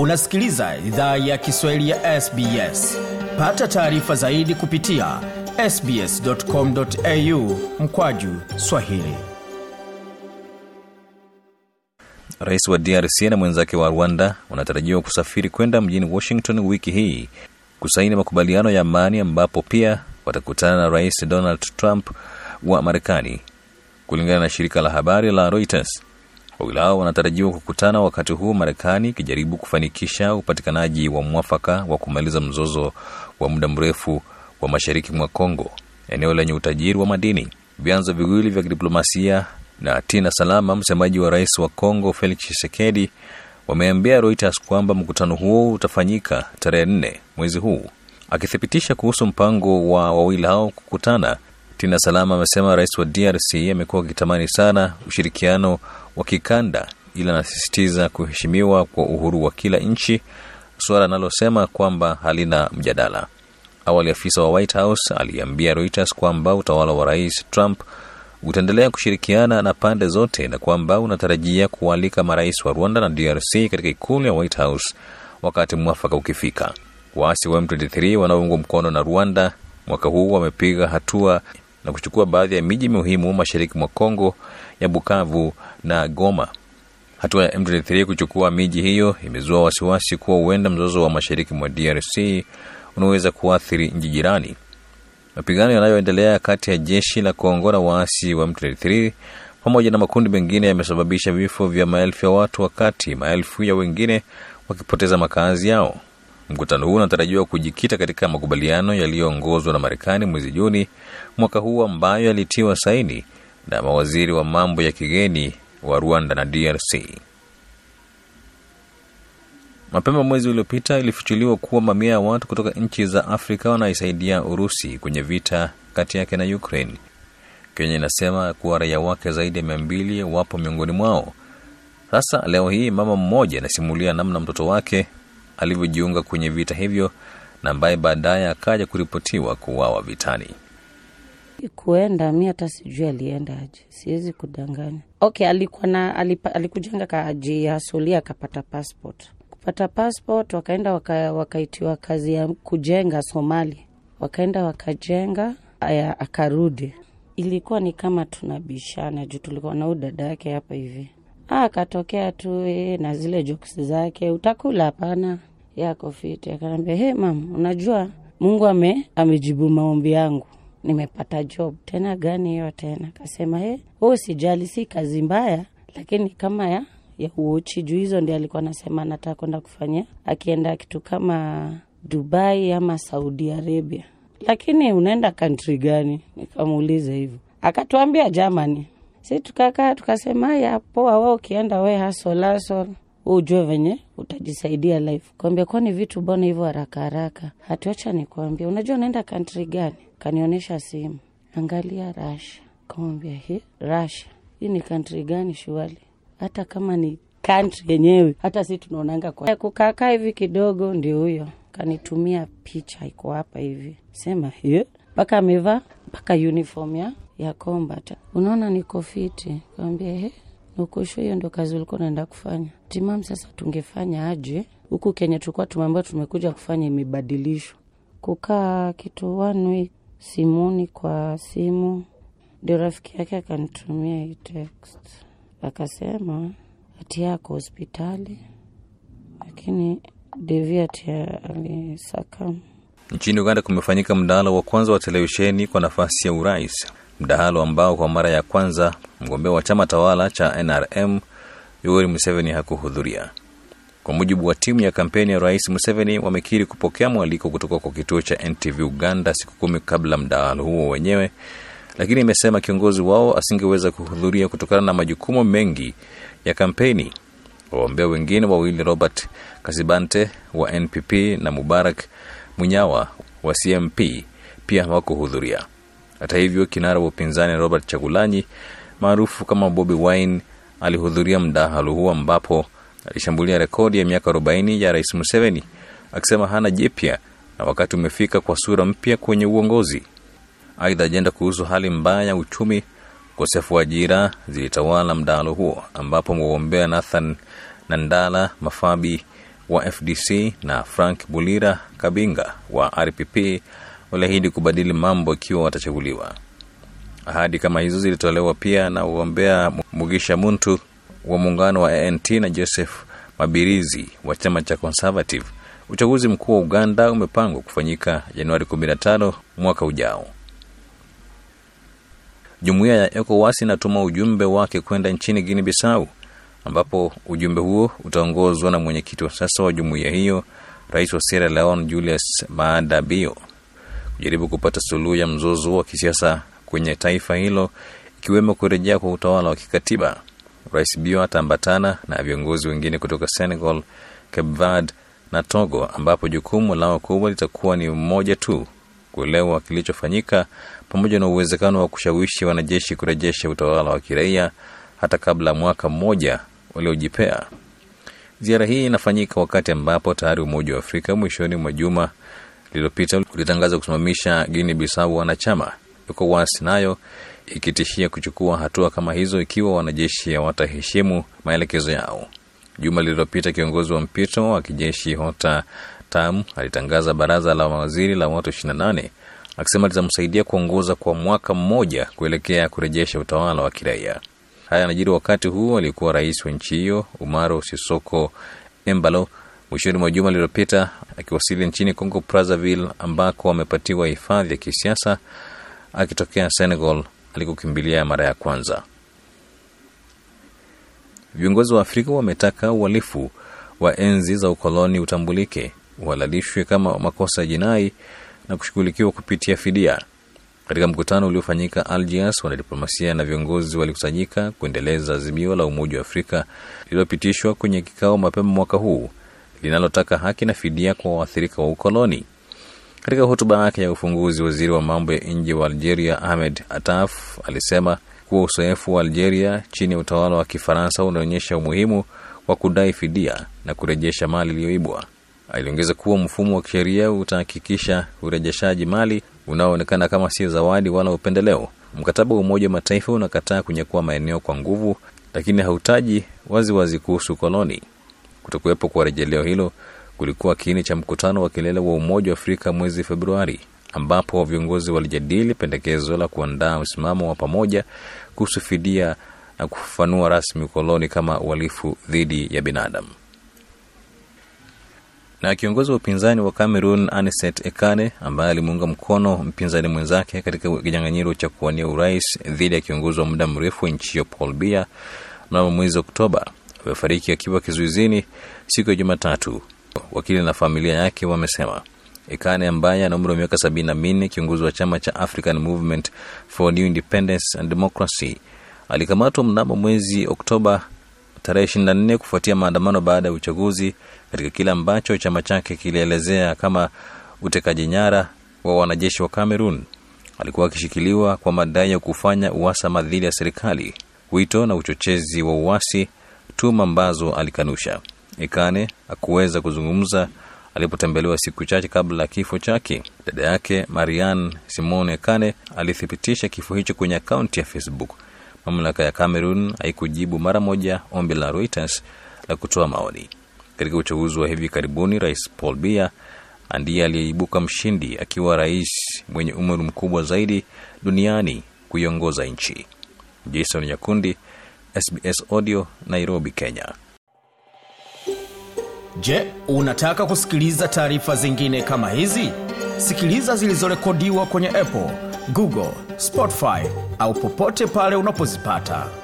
unasikiliza idhaa ya kiswahili ya sbs pata taarifa zaidi kupitia sbscomau mkwaju swahili rais wa drc na mwenzake wa rwanda wanatarajiwa kusafiri kwenda mjini washington wiki hii kusaini makubaliano ya amani ambapo pia watakutana na rais donald trump wa marekani kulingana na shirika la habari la reuters hao wanatarajiwa kukutana wakati huu Marekani ikijaribu kufanikisha upatikanaji wa mwafaka wa kumaliza mzozo wa muda mrefu wa mashariki mwa Kongo, eneo lenye utajiri wa madini. Vyanzo viwili vya kidiplomasia na Tina Salama, msemaji wa rais wa Kongo Felix Tshisekedi, wameambia Reuters kwamba mkutano huo utafanyika tarehe nne mwezi huu. Akithibitisha kuhusu mpango wa wawili hao kukutana, Tina Salama amesema rais wa DRC amekuwa akitamani sana ushirikiano wa kikanda, ila anasisitiza kuheshimiwa kwa uhuru wa kila nchi, suala analosema kwamba halina mjadala. Awali afisa wa White House aliambia Reuters kwamba utawala wa Rais Trump utaendelea kushirikiana na pande zote na kwamba unatarajia kualika marais wa Rwanda na DRC katika ikulu ya White House wakati mwafaka ukifika. Waasi wa M23 wanaoungwa mkono na Rwanda mwaka huu wamepiga hatua na kuchukua baadhi ya miji muhimu mashariki mwa Kongo ya Bukavu na Goma. Hatua ya M23 kuchukua miji hiyo imezua wasiwasi kuwa huenda mzozo wa mashariki mwa DRC unaweza kuathiri nchi jirani. Mapigano yanayoendelea kati ya jeshi la Kongo na waasi wa M23 pamoja na makundi mengine yamesababisha vifo vya maelfu ya watu, wakati maelfu ya wengine wakipoteza makazi yao. Mkutano huu unatarajiwa kujikita katika makubaliano yaliyoongozwa na Marekani mwezi Juni mwaka huu ambayo yalitiwa saini na mawaziri wa mambo ya kigeni wa Rwanda na DRC. Mapema mwezi uliopita ilifichuliwa kuwa mamia ya watu kutoka nchi za Afrika wanaisaidia Urusi kwenye vita kati yake na Ukraine. Kenya inasema kuwa raia wake zaidi ya mia mbili wapo miongoni mwao. Sasa leo hii mama mmoja anasimulia namna mtoto wake alivyojiunga kwenye vita hivyo na ambaye baadaye akaja kuripotiwa kuuawa vitani. Kuenda mi hata sijui alienda aje, siwezi kudanganya. Okay, alikuwa na alikujenga kajiasulia akapata passport. Kupata passport wakaenda waka, wakaitiwa kazi ya kujenga Somali, wakaenda wakajenga aya, akarudi. Ilikuwa ni kama tunabishana juu tulikuwa na dada yake hapa hivi, ah, akatokea tu eh, na zile jokes zake, utakula hapana yako fiti. Akaniambia, he mam, unajua Mungu ame amejibu maombi yangu, nimepata job tena. Gani hiyo tena? Kasema he, hu sijali, si kazi mbaya, lakini kama ya ya uochi juu hizo ndi alikuwa anasema anataka kwenda kufanya akienda kitu kama Dubai ama Saudi Arabia. Lakini unaenda kantri gani? Nikamuuliza hivyo, akatuambia Germany. Si tukakaa tukasema, ya poa, wao ukienda we hasolaso ujue venye utajisaidia life. Kwambia kwani vitu bona hivyo haraka haraka? Hatuacha nikwambia, unajua unaenda kantri gani? Kanionyesha simu, angalia Rasha. kawambia hi Rasha hii ni kantri gani? Shuali hata kama ni kantri yenyewe, hata si tunaonanga kwa kukaakaa hivi kidogo. Ndio huyo kanitumia picha, iko hapa hivi, sema he, mpaka amevaa mpaka uniform ya ya combat. Unaona niko fiti, kawambia he Ukosho, hiyo ndo kazi ulikuwa unaenda kufanya. Timamu sasa tungefanya aje huku Kenya? Tulikuwa tumeambia tumekuja kufanya imebadilishwa, kukaa kitu wanwi simuni kwa simu, ndio rafiki yake akanitumia hii text akasema, hati yako hospitali, lakini deviati ati alisakam. Nchini Uganda kumefanyika mdahalo wa kwanza wa televisheni kwa nafasi ya urais mdahalo ambao kwa mara ya kwanza mgombea wa chama tawala cha NRM Yoweri Museveni hakuhudhuria. Kwa mujibu wa timu ya kampeni ya rais Museveni, wamekiri kupokea mwaliko kutoka kwa kituo cha NTV Uganda siku kumi kabla mdahalo huo wenyewe, lakini imesema kiongozi wao asingeweza kuhudhuria kutokana na majukumu mengi ya kampeni. Wagombea wengine wawili, Robert Kasibante wa NPP na Mubarak Munyawa wa CMP, pia hawakuhudhuria. Hata hivyo, kinara wa upinzani Robert Chagulanyi maarufu kama Bobi Wine alihudhuria mdahalo huo ambapo alishambulia rekodi ya miaka 40 ya Rais Museveni akisema hana jipya na wakati umefika kwa sura mpya kwenye uongozi. Aidha, ajenda kuhusu hali mbaya ya uchumi, ukosefu wa ajira zilitawala mdahalo huo ambapo mgombea Nathan Nandala Mafabi wa FDC na Frank Bulira Kabinga wa RPP waliahidi kubadili mambo ikiwa watachaguliwa. Ahadi kama hizo zilitolewa pia na wagombea Mugisha Muntu wa muungano wa ANT na Joseph Mabirizi wa chama cha Conservative. Uchaguzi mkuu wa Uganda umepangwa kufanyika Januari 15 mwaka ujao. Jumuiya ya ECOWAS inatuma ujumbe wake kwenda nchini guini bisau ambapo ujumbe huo utaongozwa na mwenyekiti wa sasa wa jumuiya hiyo, rais wa Sierra leon Julius Maada Bio kujaribu kupata suluhu ya mzozo wa kisiasa kwenye taifa hilo ikiwemo kurejea kwa utawala wa kikatiba. Rais Bio ataambatana na viongozi wengine kutoka Senegal, kepvad na Togo, ambapo jukumu lao kubwa litakuwa ni mmoja tu, kuelewa kilichofanyika pamoja na uwezekano wa kushawishi wanajeshi kurejesha utawala wa kiraia hata kabla mwaka mmoja waliojipea. Ziara hii inafanyika wakati ambapo tayari Umoja wa Afrika mwishoni mwa juma lililopita ulitangaza kusimamisha Guinea Bissau wanachama, ECOWAS nayo ikitishia kuchukua hatua kama hizo ikiwa wanajeshi hawataheshimu maelekezo yao. Juma lililopita kiongozi wa mpito wa kijeshi Hota Tam alitangaza baraza la mawaziri la watu 28 akisema litamsaidia kuongoza kwa mwaka mmoja kuelekea kurejesha utawala wa kiraia. Haya yanajiri wakati huu alikuwa rais wa nchi hiyo Umaro Sisoko Embalo mwishoni mwa juma lililopita akiwasili nchini Congo Brazzaville ambako amepatiwa hifadhi ya kisiasa akitokea Senegal alikokimbilia mara ya kwanza. Viongozi wa Afrika wametaka uhalifu wa enzi za ukoloni utambulike, uhalalishwe kama makosa ya jinai na kushughulikiwa kupitia fidia. Katika mkutano uliofanyika algias wanadiplomasia na viongozi walikusanyika kuendeleza azimio la Umoja wa Afrika lililopitishwa kwenye kikao mapema mwaka huu linalotaka haki na fidia kwa waathirika wa ukoloni. Katika hotuba yake ya ufunguzi, waziri wa mambo ya nje wa Algeria Ahmed Ataf alisema kuwa usoefu wa Algeria chini ya utawala wa Kifaransa unaonyesha umuhimu wa kudai fidia na kurejesha mali iliyoibwa. Aliongeza kuwa mfumo wa kisheria utahakikisha urejeshaji mali unaoonekana kama sio zawadi wala upendeleo. Mkataba wa Umoja wa Mataifa unakataa kunyakua maeneo kwa nguvu, lakini hautaji waziwazi kuhusu koloni. Kutokuwepo kwa rejeleo hilo kulikuwa kiini cha mkutano wa kilele wa Umoja wa Afrika mwezi Februari ambapo viongozi walijadili pendekezo la kuandaa msimamo wa pamoja kuhusu fidia na kufafanua rasmi ukoloni kama uhalifu dhidi ya binadamu. Na kiongozi wa upinzani wa cameron Aniset Ekane ambaye alimuunga mkono mpinzani mwenzake katika kinyang'anyiro cha kuwania urais dhidi ya kiongozi wa muda mrefu wa nchi hiyo Paul Biya mnamo mwezi Oktoba amefariki akiwa kizuizini siku ya Jumatatu, wakili na familia yake wamesema. Ekane ambaye ana umri wa miaka sabini na minne, kiongozi wa chama cha African Movement for New Independence and Democracy, alikamatwa mnamo mwezi Oktoba tarehe 24 kufuatia maandamano baada ya uchaguzi katika kile ambacho chama chake kilielezea kama utekaji nyara wa wanajeshi wa Cameroon. Alikuwa akishikiliwa kwa madai ya kufanya uasa madhili ya serikali, wito na uchochezi wa uasi tuhuma ambazo alikanusha. Ikane akuweza kuzungumza alipotembelewa siku chache kabla ya kifo chake. Dada yake Marian Simone Kane alithibitisha kifo hicho kwenye akaunti ya Facebook. Mamlaka ya Cameroon haikujibu mara moja ombi la Reuters la kutoa maoni. Katika uchaguzi wa hivi karibuni, Rais Paul Biya ndiye aliyeibuka mshindi akiwa rais mwenye umri mkubwa zaidi duniani kuiongoza nchi. Jason Nyakundi SBS Audio, Nairobi, Kenya. Je, unataka kusikiliza taarifa zingine kama hizi? Sikiliza zilizorekodiwa kwenye Apple, Google, Spotify au popote pale unapozipata.